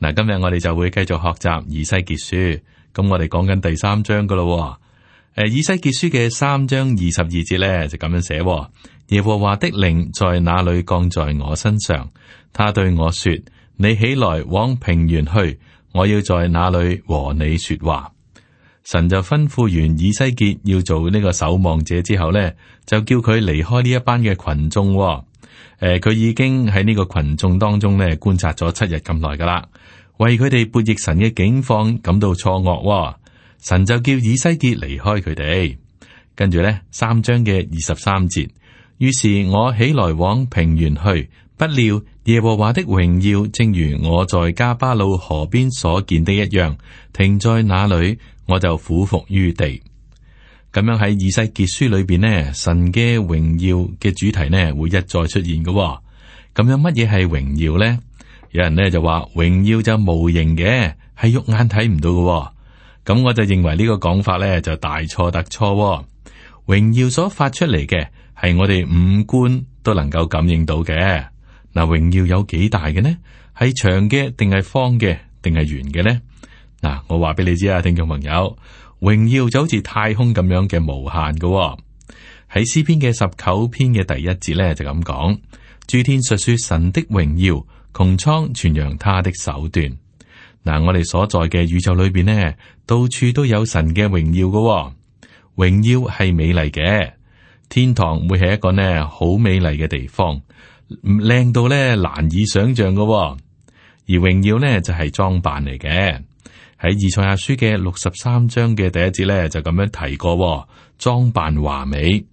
嗱，今日我哋就會繼續學習以西結書，咁我哋講緊第三章噶咯。誒，以西結書嘅三章二十二節咧就咁樣寫：耶和華的靈在哪裏降在我身上，他對我說：你起來往平原去，我要在那裏和你說話。神就吩咐完以西結要做呢個守望者之後咧，就叫佢離開呢一班嘅群眾、哦。誒，佢、呃、已經喺呢個群眾當中咧觀察咗七日咁耐噶啦，為佢哋悖逆神嘅境況感到錯愕、哦。神就叫以西結離開佢哋，跟住呢，三章嘅二十三節，於是我起來往平原去，不料耶和華的榮耀正如我在加巴魯河邊所見的一樣，停在那裏，我就俯伏於地。咁樣喺《以西結書》裏邊呢，神嘅榮耀嘅主題呢，會一再出現嘅、哦。咁樣乜嘢係榮耀呢？有人呢就話榮耀就無形嘅，係肉眼睇唔到嘅、哦。咁我就認為呢個講法呢就大錯特錯、哦。榮耀所發出嚟嘅係我哋五官都能夠感應到嘅。嗱，榮耀有幾大嘅呢？係長嘅，定係方嘅，定係圓嘅呢？嗱，我話俾你知啊，聽眾朋友。榮耀就好似太空咁樣嘅無限嘅喎、哦，喺詩篇嘅十九篇嘅第一節咧就咁講，諸天述說神的榮耀，穹蒼傳揚他的手段。嗱、啊，我哋所在嘅宇宙裏邊呢，到處都有神嘅榮耀嘅、哦，榮耀係美麗嘅，天堂會係一個呢好美麗嘅地方，靚到咧難以想象嘅、哦，而榮耀呢，就係、是、裝扮嚟嘅。喺《以賽亞書》嘅六十三章嘅第一節咧，就咁樣提過、哦，裝扮華美。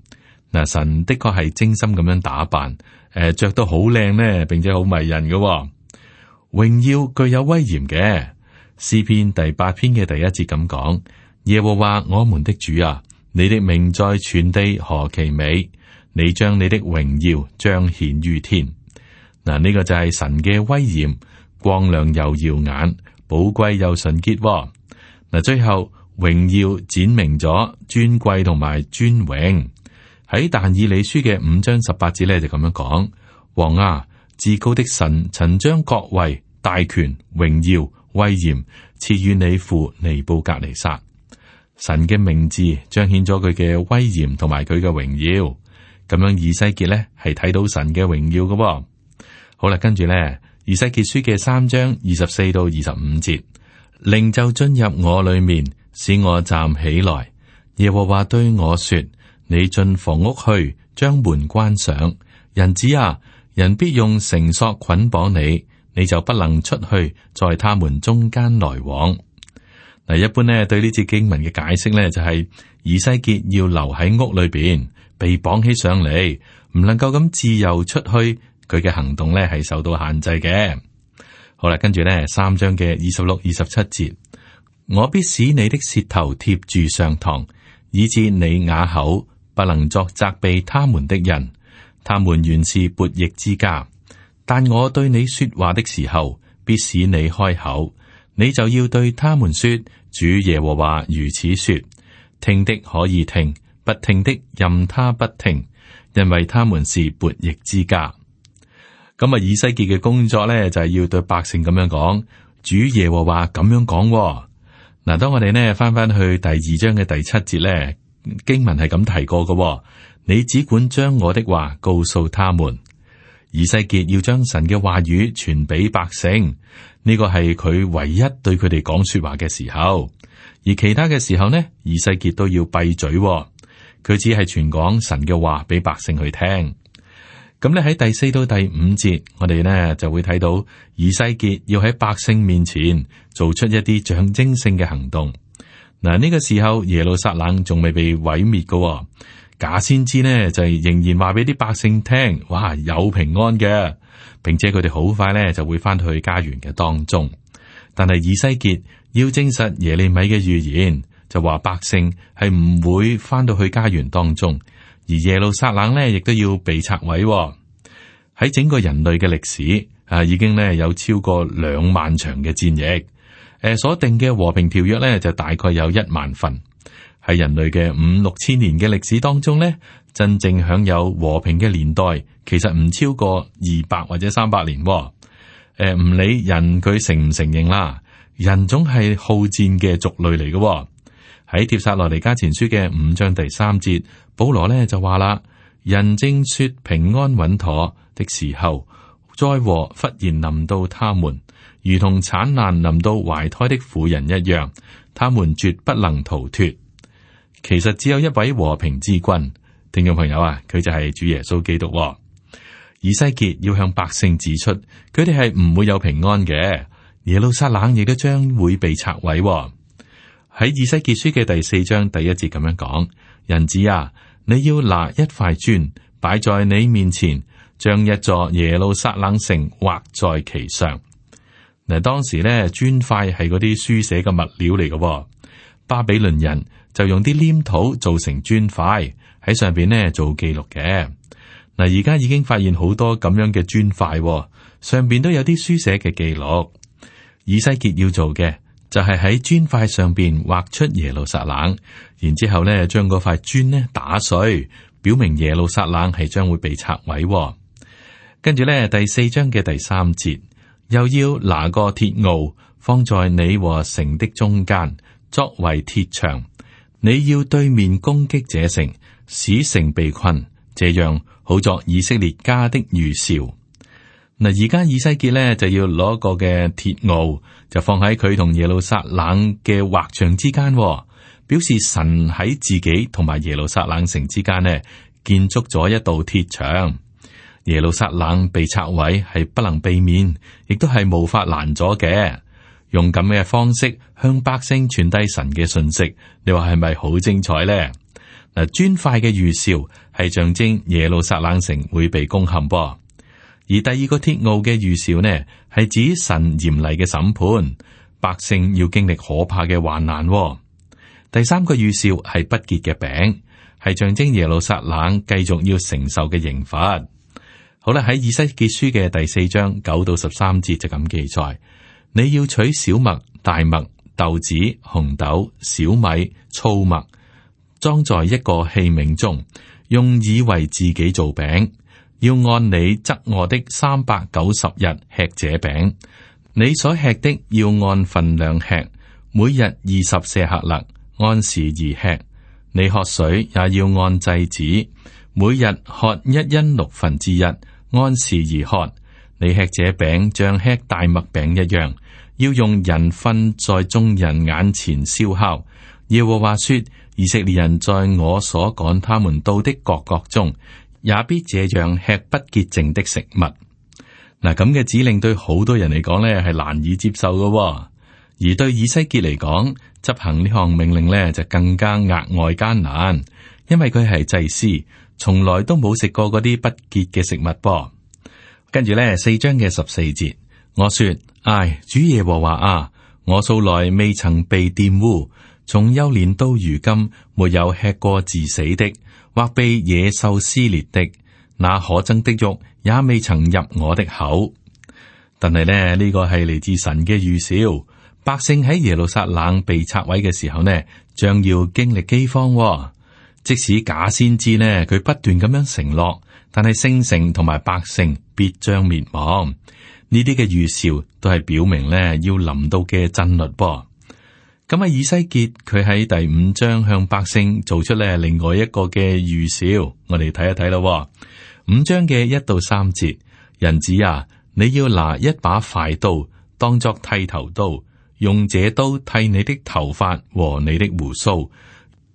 嗱，神的確係精心咁樣打扮，誒、呃，着到好靚呢，並且好迷人嘅、哦。榮耀具有威嚴嘅，詩篇第八篇嘅第一節咁講：耶和華我們的主啊，你的名在全地何其美！你將你的榮耀彰顯於天。嗱，呢個就係神嘅威嚴，光亮又耀眼。寶貴又純潔、哦，嗱，最後榮耀展明咗尊貴同埋尊榮。喺但以理書嘅五章十八節咧，就咁樣講：王啊，至高的神曾將國位、大權、榮耀、威嚴賜予你父尼布格尼撒。神嘅名字彰顯咗佢嘅威嚴同埋佢嘅榮耀。咁樣以西結咧係睇到神嘅榮耀噶、哦。好啦，跟住咧。以西結書嘅三章二十四到二十五節，靈就進入我裏面，使我站起來。耶和華對我說：你進房屋去，將門關上。人子啊，人必用繩索捆綁你，你就不能出去，在他們中間來往。嗱，一般呢，對呢節經文嘅解釋呢，就係、是，以西結要留喺屋裏邊，被綁起上嚟，唔能夠咁自由出去。佢嘅行動呢係受到限制嘅。好啦，跟住呢三章嘅二十六、二十七節，我必使你的舌頭貼住上堂，以致你啞口，不能作責備他們的人。他們原是悖逆之家，但我對你說話的時候，必使你開口。你就要對他們說，主耶和華如此說，聽的可以聽，不聽的任他不聽，因為他們是悖逆之家。咁啊，以西結嘅工作咧，就係、是、要對百姓咁樣講，主耶和華咁樣講。嗱，當我哋咧翻翻去第二章嘅第七節咧，經文係咁提過嘅、哦。你只管將我的話告訴他們，以西結要將神嘅話語傳俾百姓。呢個係佢唯一對佢哋講說話嘅時候，而其他嘅時候咧，以西結都要閉嘴、哦。佢只係傳講神嘅話俾百姓去聽。咁咧喺第四到第五節，我哋呢就會睇到以西結要喺百姓面前做出一啲象徵性嘅行動。嗱，呢個時候耶路撒冷仲未被毀滅嘅，假先知呢就仍然話俾啲百姓聽，哇有平安嘅，並且佢哋好快呢就會翻到去家園嘅當中。但係以西結要證實耶利米嘅預言，就話百姓係唔會翻到去家園當中。而耶路撒冷呢，亦都要被拆毀喎。喺整個人類嘅歷史啊，已經呢有超過兩萬場嘅戰役，誒、啊、所定嘅和平條約呢，就大概有一萬份。喺人類嘅五六千年嘅歷史當中呢，真正享有和平嘅年代，其實唔超過二百或者三百年，哦。誒、啊，唔理人佢承唔承認啦，人總係好戰嘅族類嚟嘅，哦。喺帖撒羅尼迦前書嘅五章第三節，保羅呢就話啦：人正說平安穩妥的時候，災禍忽然臨到他們，如同產難臨到懷胎的婦人一樣，他們絕不能逃脱。其實只有一位和平之君，聽眾朋友啊，佢就係主耶穌基督喎。以西結要向百姓指出，佢哋係唔會有平安嘅，耶路撒冷亦都將會被拆毀喎。喺以西結書嘅第四章第一節咁樣講：人子啊，你要拿一塊磚擺在你面前，將一座耶路撒冷城畫在其上。嗱，當時咧磚塊係嗰啲書寫嘅物料嚟嘅，巴比倫人就用啲黏土成磚塊做成磚塊喺上邊咧做記錄嘅。嗱，而家已經發現好多咁樣嘅磚塊，上邊都有啲書寫嘅記錄。以西結要做嘅。就係喺磚塊上邊畫出耶路撒冷，然之後呢將嗰塊磚呢打碎，表明耶路撒冷係將會被拆毀。跟住呢，第四章嘅第三節，又要拿個鐵鏊放在你和城的中間，作為鐵牆。你要對面攻擊這城，使城被困，這樣好作以色列家的預兆。嗱，而家以西結咧就要攞個嘅鐵奧，就放喺佢同耶路撒冷嘅畫牆之間，表示神喺自己同埋耶路撒冷城之間呢，建築咗一道鐵牆。耶路撒冷被拆毀係不能避免，亦都係無法攔阻嘅。用咁嘅方式向百姓傳遞神嘅信息，你話係咪好精彩呢？嗱，磚塊嘅預兆係象徵耶路撒冷城會被攻陷噃。而第二個鐵奧嘅預兆呢，係指神嚴厲嘅審判，百姓要經歷可怕嘅患難、哦。第三個預兆係不潔嘅餅，係象徵耶路撒冷繼續要承受嘅刑罰。好啦，喺以西結書嘅第四章九到十三節就咁記載：你要取小麥、大麥、豆子、紅豆、小米、粗麥，裝在一個器皿中，用以為自己做餅。要按你側臥的三百九十日吃這餅，你所吃的要按份量吃，每日二十舍客勒，按時而吃。你喝水也要按制子，每日喝一欣六分之一，按時而喝。你吃這餅像吃大麥餅一樣，要用人糞在眾人眼前燒烤。耶和華說：以色列人在我所趕他們到的各國中。也必這樣吃不潔淨的食物。嗱，咁嘅指令對好多人嚟講咧係難以接受嘅。而對以西結嚟講，執行呢項命令咧就更加額外艱難，因為佢係祭司，從來都冇食過嗰啲不潔嘅食物噃。跟住咧四章嘅十四節，我說：唉，主耶和華啊，我素來未曾被玷污，從幼年到如今，沒有吃過自死的。或被野獸撕裂的，那可憎的肉也未曾入我的口。但係呢，呢個係嚟自神嘅預兆。百姓喺耶路撒冷被拆毀嘅時候呢，將要經歷飢荒喎。即使假先知呢，佢不斷咁樣承諾，但係聖城同埋百姓必將滅亡。呢啲嘅預兆都係表明呢，要臨到嘅震怒噃。咁啊，以西結佢喺第五章向百姓做出咧，另外一個嘅預兆，我哋睇一睇咯。五章嘅一到三節，人子啊，你要拿一把快刀當作剃頭刀，用這刀剃你的頭髮和你的鬍鬚，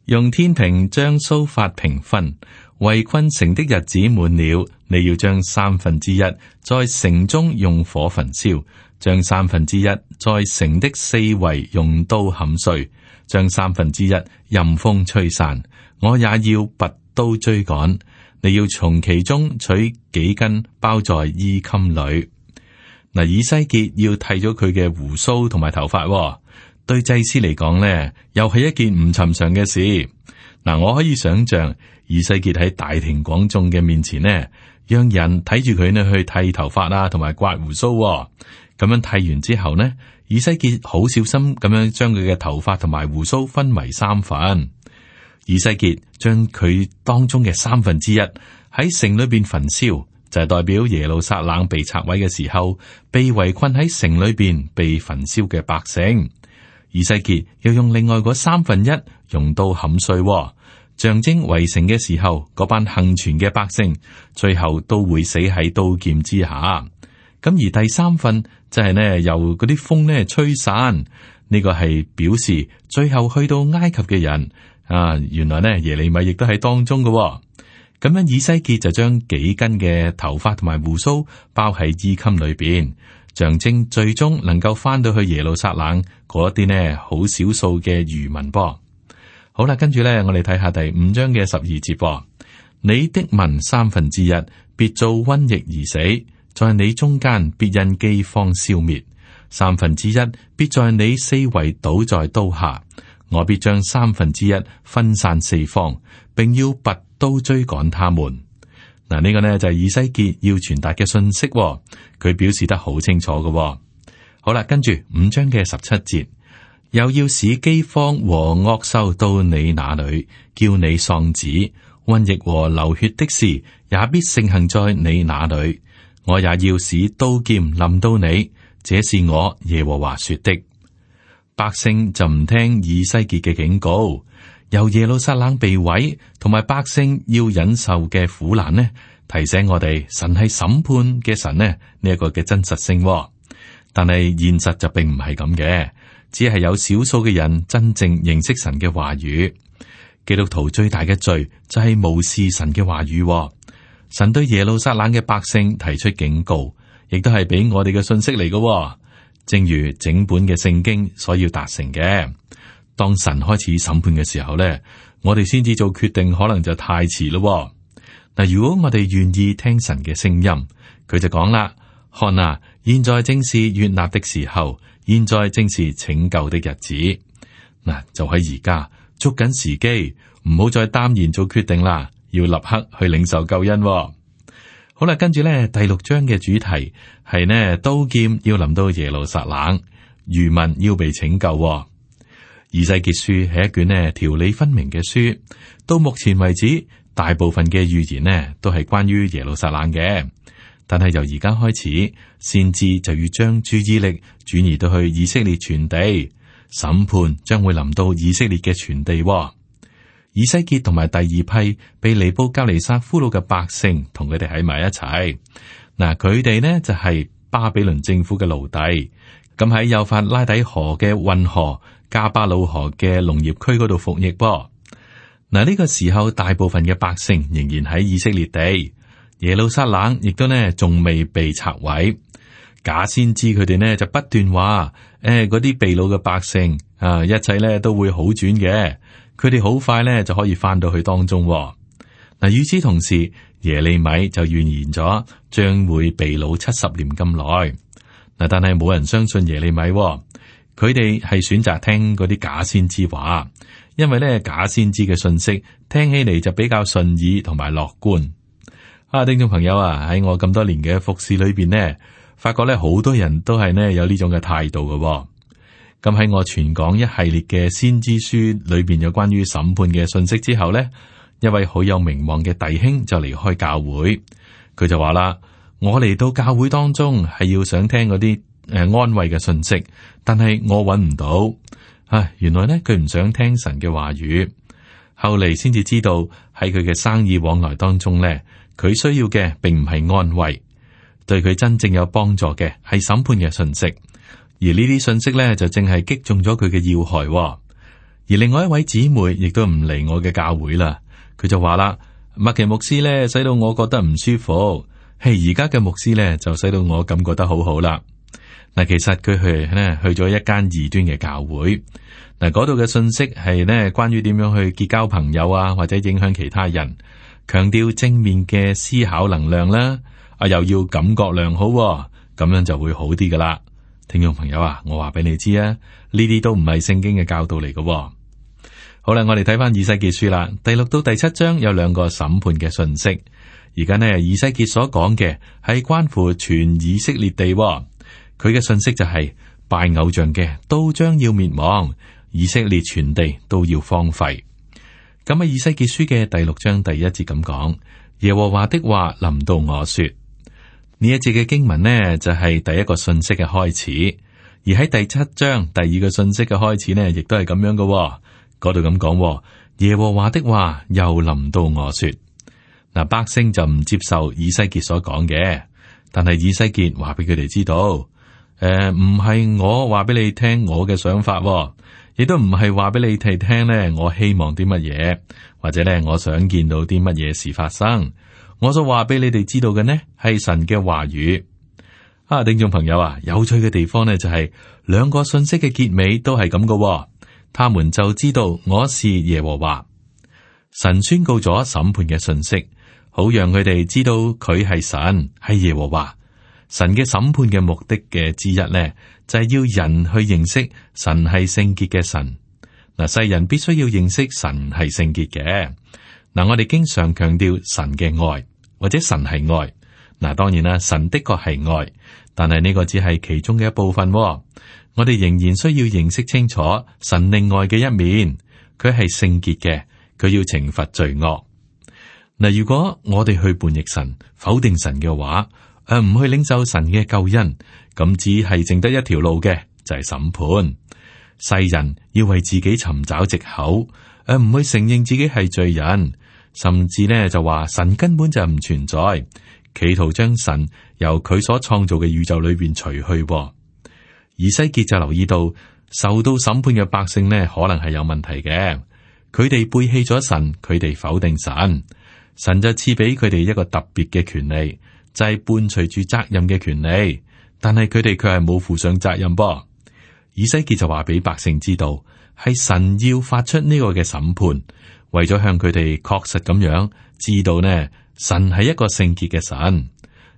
用天平將鬚髮平分。為困城的日子滿了，你要將三分之一在城中用火焚燒。將三分之一在城的四圍用刀砍碎，將三分之一任風吹散。我也要拔刀追趕。你要從其中取幾根包在衣襟裏。嗱，以西結要剃咗佢嘅鬍鬚同埋頭髮，對祭司嚟講，呢又係一件唔尋常嘅事。嗱，我可以想象以西結喺大庭廣眾嘅面前呢，讓人睇住佢咧去剃頭髮啦，同埋刮鬍鬚。咁樣剃完之後呢？以西結好小心咁樣將佢嘅頭髮同埋鬍鬚分為三份，以西結將佢當中嘅三分之一喺城裏邊焚燒，就係代表耶路撒冷被拆毀嘅時候，被圍困喺城裏邊被焚燒嘅百姓。以西結又用另外嗰三分一用刀冚碎，象徵圍城嘅時候，嗰班幸存嘅百姓最後都會死喺刀劍之下。咁而第三份。即係咧，由嗰啲風咧吹散，呢個係表示最後去到埃及嘅人啊，原來咧耶利米亦都喺當中噶。咁樣以西結就將幾根嘅頭髮同埋鬍鬚包喺衣襟裏邊，象徵最終能夠翻到去耶路撒冷嗰啲咧，好少數嘅餘民噃。好啦，跟住咧，我哋睇下第五章嘅十二節。你的民三分之一，必遭瘟疫而死。在你中間，必因饑荒消滅三分之一；必在你四圍倒在刀下，我必將三分之一分散四方，並要拔刀追趕他們。嗱，呢個呢就係、是、以西結要傳達嘅信息、哦，佢表示得好清楚嘅、哦。好啦，跟住五章嘅十七節，又要使饑荒和惡獸到你那裏，叫你喪子、瘟疫和流血的事，也必盛行在你那裏。我也要使刀劍冧到你，這是我耶和華說的。百姓就唔聽以西結嘅警告，由耶路撒冷被毀同埋百姓要忍受嘅苦難呢？提醒我哋神係審判嘅神呢？呢一個嘅真實性，但係現實就並唔係咁嘅，只係有少數嘅人真正認識神嘅話語。基督徒最大嘅罪就係無視神嘅話語。神對耶路撒冷嘅百姓提出警告，亦都係俾我哋嘅信息嚟嘅哦。正如整本嘅聖經所要達成嘅，當神開始審判嘅時候咧，我哋先至做決定，可能就太遲咯。嗱，如果我哋願意聽神嘅聲音，佢就講啦：「看啊，現在正是悅納的時候，現在正是拯救的日子。嗱，就喺而家，捉緊時機，唔好再耽延做決定啦。要立刻去領受救恩，哦。好啦，跟住咧，第六章嘅主題係咧，刀劍要臨到耶路撒冷，餘民要被拯救，哦。以西結書係一卷呢條理分明嘅書。到目前為止，大部分嘅預言呢都係關於耶路撒冷嘅。但係由而家開始，先至就要將注意力轉移到去以色列全地，審判將會臨到以色列嘅全地。以西結同埋第二批被尼布加尼撒俘虜嘅百姓，同佢哋喺埋一齊。嗱，佢哋呢就係巴比倫政府嘅奴隸，咁喺幼發拉底河嘅運河，加巴魯河嘅農業區嗰度服役。噃，嗱，呢個時候大部分嘅百姓仍然喺以色列地，耶路撒冷亦都呢仲未被拆毀。假先知佢哋呢就不斷話，誒、哎，嗰啲被擄嘅百姓啊，一切呢都會好轉嘅。佢哋好快咧就可以翻到去當中。嗱，與此同時，耶利米就預言咗將會被擄七十年咁耐。嗱，但係冇人相信耶利米。佢哋係選擇聽嗰啲假先知話，因為咧假先知嘅信息聽起嚟就比較順耳同埋樂觀。啊，聽眾朋友啊，喺我咁多年嘅服侍裏邊呢，發覺咧好多人都係呢有呢種嘅態度嘅。咁喺我全港一系列嘅先知書裏邊有關於審判嘅信息之後呢一位好有名望嘅弟兄就離開教會，佢就話啦：我嚟到教會當中係要想聽嗰啲誒安慰嘅信息，但係我揾唔到。唉，原來呢，佢唔想聽神嘅話語，後嚟先至知道喺佢嘅生意往來當中呢，佢需要嘅並唔係安慰，對佢真正有幫助嘅係審判嘅信息。而呢啲信息咧，就正係擊中咗佢嘅要害、哦。而另外一位姊妹亦都唔嚟我嘅教會啦。佢就話啦：，麥琪牧師咧，使到我覺得唔舒服。係而家嘅牧師咧，就使到我感覺得好好啦。嗱，其實佢去咧去咗一間異端嘅教會嗱，嗰度嘅信息係咧關於點樣去結交朋友啊，或者影響其他人，強調正面嘅思考能量啦。啊，又要感覺良好、哦，咁樣就會好啲噶啦。聽眾朋友啊，我話俾你知啊，呢啲都唔係聖經嘅教導嚟㗎、哦。好啦，我哋睇翻，以西結書啦，第六到第七章有兩個審判嘅信息。而家呢，以西結所講嘅係關乎全以色列地、哦，佢嘅信息就係、是、拜偶像嘅都將要滅亡，以色列全地都要荒廢。咁啊，以西結書嘅第六章第一節咁講，耶和華的話臨到我說。呢一節嘅經文呢就係、是、第一個信息嘅開始，而喺第七章第二個信息嘅開始呢，亦都係咁樣嘅、哦。嗰度咁講，耶和華的話又臨到我說，嗱、啊、百姓就唔接受以西結所講嘅，但係以西結話俾佢哋知道，誒唔係我話俾你聽我嘅想法、哦，亦都唔係話俾你哋聽呢。我希望啲乜嘢，或者呢，我想見到啲乜嘢事發生。我所話俾你哋知道嘅呢，係神嘅話語。啊，聽眾朋友啊，有趣嘅地方呢、就是，就係兩個信息嘅結尾都係咁嘅。他們就知道我是耶和華。神宣告咗審判嘅信息，好讓佢哋知道佢係神，係耶和華。神嘅審判嘅目的嘅之一呢，就係、是、要人去認識神係聖潔嘅神。嗱，世人必須要認識神係聖潔嘅。嗱，我哋經常強調神嘅愛或者神係愛，嗱，當然啦，神的確係愛，但係呢個只係其中嘅一部分。我哋仍然需要認識清楚神另外嘅一面，佢係聖潔嘅，佢要懲罰罪惡。嗱，如果我哋去叛逆神，否定神嘅話，誒唔去領受神嘅救恩，咁只係剩得一條路嘅，就係審判。世人要為自己尋找藉口，誒唔去承認自己係罪人。甚至咧，就話神根本就唔存在，企圖將神由佢所創造嘅宇宙裏邊除去，哦。以西結就留意到，受到審判嘅百姓呢，可能係有問題嘅，佢哋背棄咗神，佢哋否定神，神就賜俾佢哋一個特別嘅權利，就係、是、伴隨住責任嘅權利。但係佢哋卻係冇負上責任噃。以西結就話俾百姓知道，係神要發出呢個嘅審判。為咗向佢哋確實咁樣知道呢，神係一個聖潔嘅神，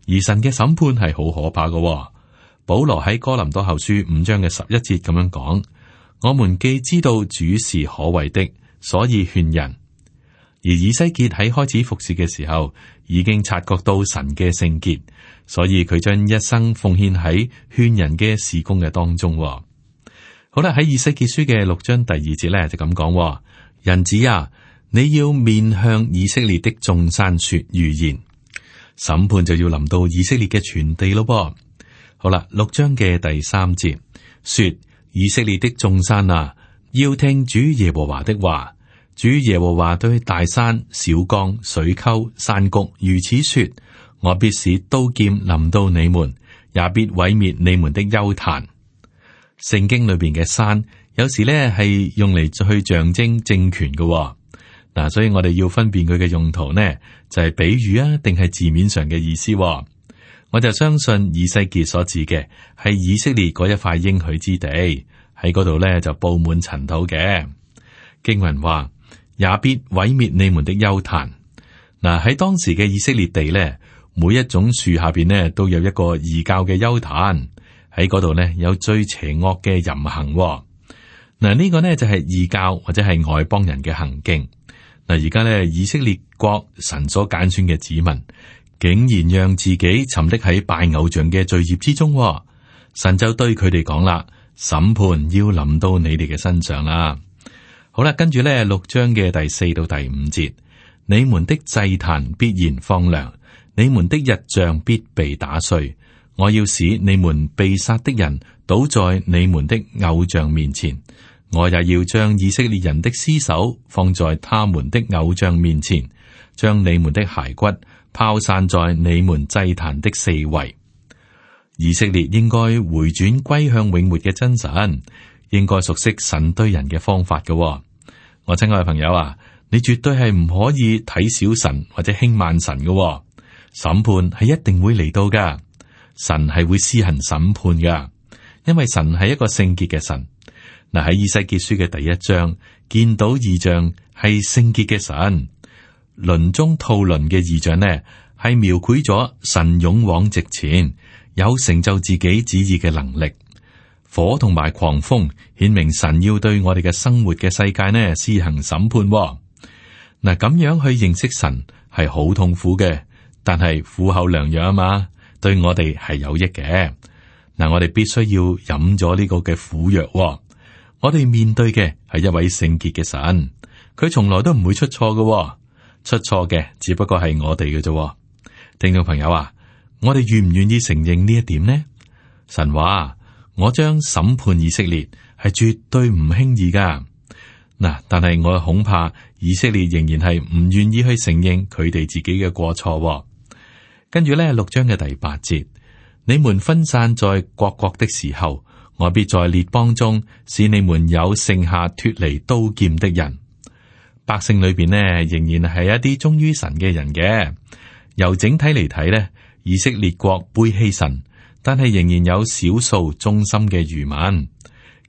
而神嘅審判係好可怕噶、哦。保羅喺哥林多後書五章嘅十一節咁樣講：我們既知道主是可畏的，所以勸人。而以西結喺開始服侍嘅時候，已經察覺到神嘅聖潔，所以佢將一生奉獻喺勸人嘅事工嘅當中、哦。好啦，喺以西結書嘅六章第二節咧就咁講、哦：人子啊！你要面向以色列的眾山說預言，審判就要臨到以色列嘅全地咯噃。好啦，六章嘅第三節說：以色列的眾山啊，要聽主耶和華的話。主耶和華對大山、小江、水溝、山谷如此說：我必使刀劍臨到你們，也必毀滅你們的邱壇。聖經裏邊嘅山有時咧係用嚟去象徵政權嘅。嗱，所以我哋要分辨佢嘅用途呢，就係、是、比喻啊，定係字面上嘅意思。我就相信以西結所指嘅係以色列嗰一塊應許之地，喺嗰度呢就佈滿塵土嘅經文話，也必毀滅你們的邱壇。嗱，喺當時嘅以色列地呢，每一種樹下邊呢都有一個異教嘅邱壇，喺嗰度呢有最邪惡嘅淫行。嗱，呢個呢就係異教或者係外邦人嘅行徑。嗱，而家咧，以色列國神所揀選嘅子民，竟然讓自己沉溺喺拜偶像嘅罪孽之中，神就對佢哋講啦，審判要臨到你哋嘅身上啦。好啦，跟住咧，六章嘅第四到第五節，你們的祭壇必然荒涼，你們的日像必被打碎，我要使你們被殺的人倒在你們的偶像面前。我也要將以色列人的屍首放在他們的偶像面前，將你們的骸骨拋散在你們祭壇的四圍。以色列應該回轉歸向永活嘅真神，應該熟悉神對人嘅方法嘅、哦。我親愛嘅朋友啊，你絕對係唔可以睇小，神或者輕慢神嘅、哦。審判係一定會嚟到嘅，神係會施行審判嘅，因為神係一個聖潔嘅神。嗱，喺《以西結書》嘅第一章見到異象，係聖潔嘅神。輪中套輪嘅異象呢，係描繪咗神勇往直前，有成就自己旨意嘅能力。火同埋狂風，顯明神要對我哋嘅生活嘅世界呢施行審判喎。嗱，咁樣去認識神係好痛苦嘅，但係苦口良藥啊嘛，對我哋係有益嘅。嗱，我哋必須要飲咗呢個嘅苦藥喎。我哋面對嘅係一位聖潔嘅神，佢從來都唔會出錯嘅喎，出錯嘅只不過係我哋嘅啫。聽眾朋友啊，我哋願唔願意承認呢一點呢？神話，我將審判以色列係絕對唔輕易噶。嗱，但係我恐怕以色列仍然係唔願意去承認佢哋自己嘅過錯喎。跟住咧，六章嘅第八節，你們分散在各國的時候。我必在列邦中使你們有剩下脫離刀劍的人。百姓裏邊呢，仍然係一啲忠於神嘅人嘅。由整體嚟睇呢，以色列國背棄神，但係仍然有少數忠心嘅餘民。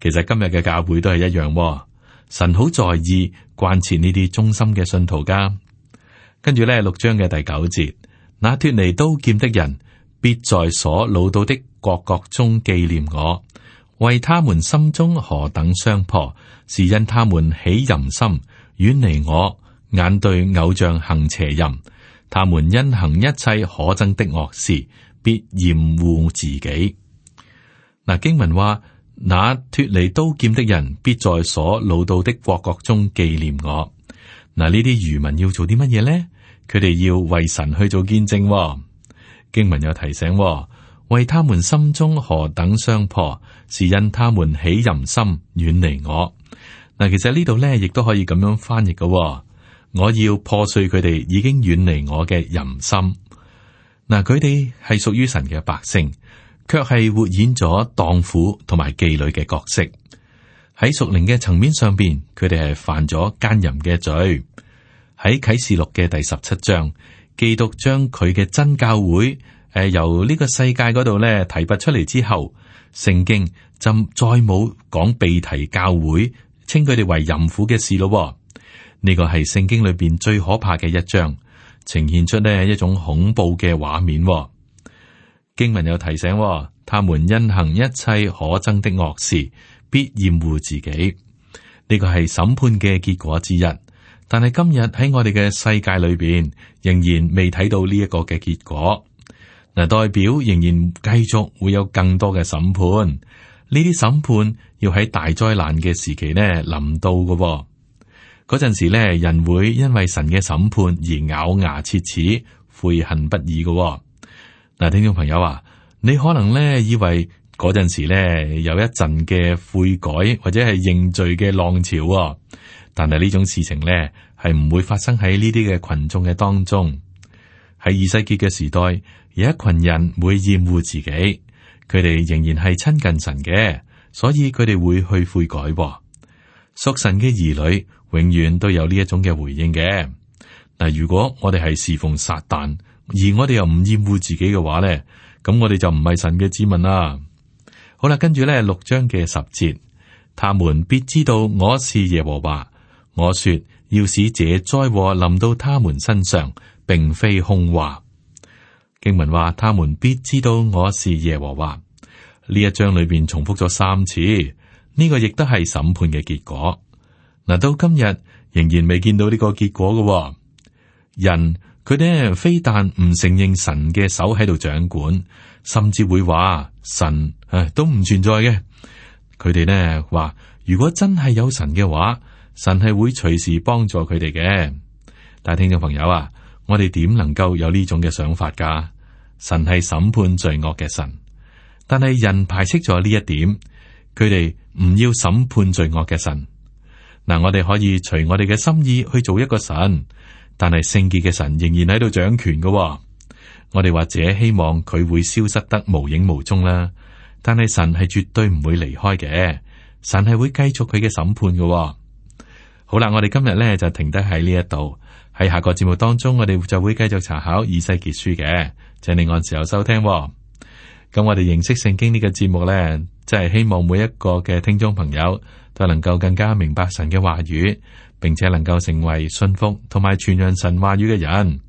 其實今日嘅教會都係一樣，神好在意貫切呢啲忠心嘅信徒。噶，跟住呢六章嘅第九節，那脫離刀劍的人，必在所老到的各國中紀念我。為他們心中何等傷破，是因他們起淫心，遠離我，眼對偶像行邪淫。他們因行一切可憎的惡事，必厭惡自己。嗱，經文話：那脫離刀劍的人，必在所擄到的國國中紀念我。嗱，呢啲漁民要做啲乜嘢呢？佢哋要為神去做見證。經文又提醒。為他們心中何等傷破，是因他們起淫心，遠離我。嗱，其實呢度咧，亦都可以咁樣翻譯噶。我要破碎佢哋已經遠離我嘅淫心。嗱，佢哋係屬於神嘅百姓，卻係活演咗蕩婦同埋妓女嘅角色。喺屬靈嘅層面上邊，佢哋係犯咗姦淫嘅罪。喺啟示錄嘅第十七章，基督將佢嘅真教會。誒，由呢個世界嗰度咧，提拔出嚟之後，聖經就再冇講被提教會稱佢哋為淫婦嘅事咯。呢個係聖經裏邊最可怕嘅一章，呈現出呢一種恐怖嘅畫面。經文又提醒，他們因行一切可憎的惡事，必厭惡自己。呢個係審判嘅結果之一，但係今日喺我哋嘅世界裏邊，仍然未睇到呢一個嘅結果。嗱，代表仍然繼續會有更多嘅審判，呢啲審判要喺大災難嘅時期呢臨到嘅喎，嗰陣時呢人會因為神嘅審判而咬牙切齒、悔恨不已嘅。嗱，聽眾朋友啊，你可能呢以為嗰陣時呢有一陣嘅悔改或者係認罪嘅浪潮啊，但係呢種事情呢係唔會發生喺呢啲嘅群眾嘅當中。喺以西結嘅時代，有一群人會厭惡自己，佢哋仍然係親近神嘅，所以佢哋會去悔改，哦。屬神嘅兒女永遠都有呢一種嘅回應嘅。嗱，如果我哋係侍奉撒旦，而我哋又唔厭惡自己嘅話咧，咁我哋就唔係神嘅子民啦。好啦，跟住咧六章嘅十節，他們必知道我是耶和華，我說要使這災禍臨到他們身上，並非空話。經文話，他們必知道我是耶和華。呢一章裏邊重複咗三次，呢個亦都係審判嘅結果。嗱，到今日仍然未見到呢個結果嘅、哦。人佢哋非但唔承認神嘅手喺度掌管，甚至會話神啊都唔存在嘅。佢哋呢話，如果真係有神嘅話，神係會隨時幫助佢哋嘅。但係聽眾朋友啊。我哋點能夠有呢種嘅想法㗎？神係審判罪惡嘅神，但係人排斥咗呢一點，佢哋唔要審判罪惡嘅神。嗱、呃，我哋可以隨我哋嘅心意去做一個神，但係聖潔嘅神仍然喺度掌權嘅、哦。我哋或者希望佢會消失得無影無蹤啦，但係神係絕對唔會離開嘅，神係會繼續佢嘅審判嘅、哦。好啦，我哋今日咧就停得喺呢一度。喺下個節目當中，我哋就會繼續查考以世結書嘅，請你按時候收聽、哦。咁我哋認識聖經呢、這個節目呢，真係希望每一個嘅聽眾朋友都能夠更加明白神嘅話語，並且能夠成為信服同埋傳揚神話語嘅人。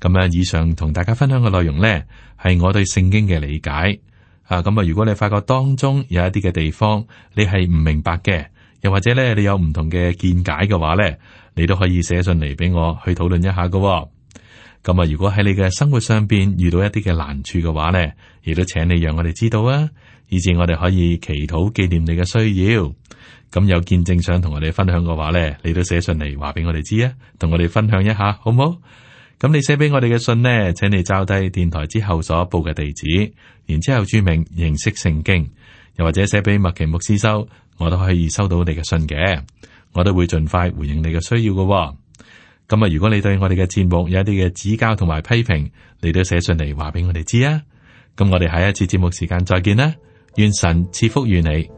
咁啊，以上同大家分享嘅內容呢，係我對聖經嘅理解。啊，咁啊，如果你發覺當中有一啲嘅地方你係唔明白嘅。又或者咧，你有唔同嘅見解嘅話咧，你都可以寫信嚟俾我去討論一下噶。咁啊，如果喺你嘅生活上邊遇到一啲嘅難處嘅話咧，亦都請你讓我哋知道啊，以至我哋可以祈禱紀念你嘅需要。咁有見證想同我哋分享嘅話咧，你都寫信嚟話俾我哋知啊，同我哋分享一下好唔好？咁你寫俾我哋嘅信呢，請你抄低電台之後所報嘅地址，然之後註明認識聖經。又或者寫俾麥奇牧師收，我都可以收到你嘅信嘅，我都會盡快回應你嘅需要噶喎。咁啊，如果你對我哋嘅節目有一啲嘅指教同埋批評，你都寫上嚟話俾我哋知啊。咁我哋下一次節目時間再見啦，願神賜福於你。